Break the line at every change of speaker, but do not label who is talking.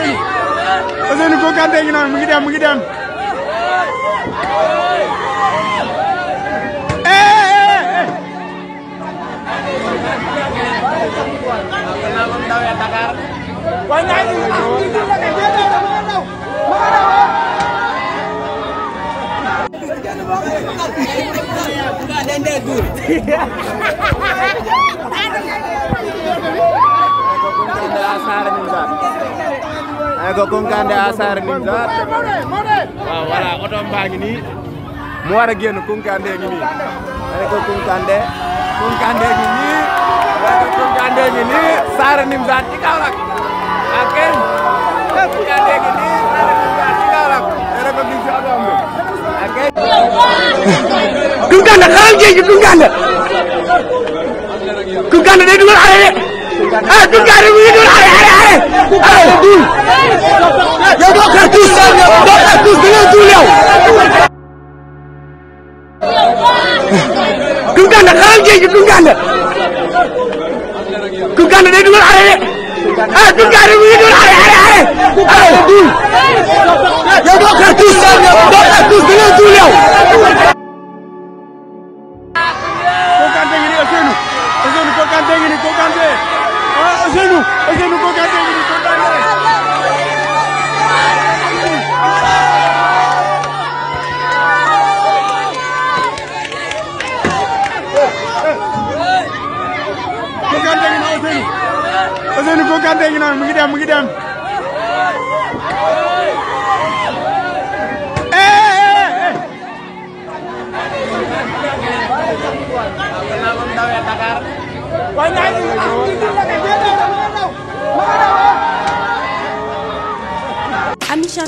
Ousseynou Ousseynou Koukante ngi noonu mu ngi mu ngi dem. ko Kounkandé à Sarr niñ la waaw voilà oto mbaa ngi nii mu war a génn Kounkandé ngi nii ma ne ko Kounkandé Kounkandé ngi nii ma ne ko Kounkandé ngi nii Sarr Nimzat ci Kaolack ak ah, kenn Kounkandé ngi nii Sarr Nimzat ci Koungheul xaral géej gi Koungheul. Koungheul day dugal arrêté ah Koungheul mu ngi dugal arrêté arrêté duul yow doo xeex tuus doo xeex tuus da ngay duul yow. Koukante ngi nii Ousseynou Ousseynou Koukante ngi nii Koukante. Ousseynou Koukante ngi noonu mu ngi dem mu ngi